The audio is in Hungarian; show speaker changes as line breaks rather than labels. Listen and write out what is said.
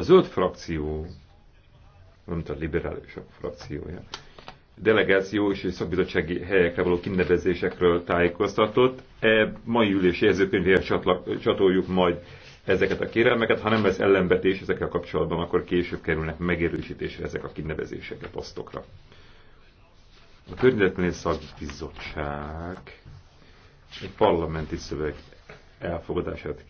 A zöld frakció, nem a liberálisok frakciója, delegáció és szakbizottsági helyekre való kinevezésekről tájékoztatott. E mai ülési jegyzőkönyvéhez csatoljuk majd ezeket a kérelmeket. Ha nem lesz ellenvetés ezekkel kapcsolatban, akkor később kerülnek megérősítésre ezek a kinevezések a posztokra. A Környezetmény Szakbizottság
egy parlamenti szöveg elfogadását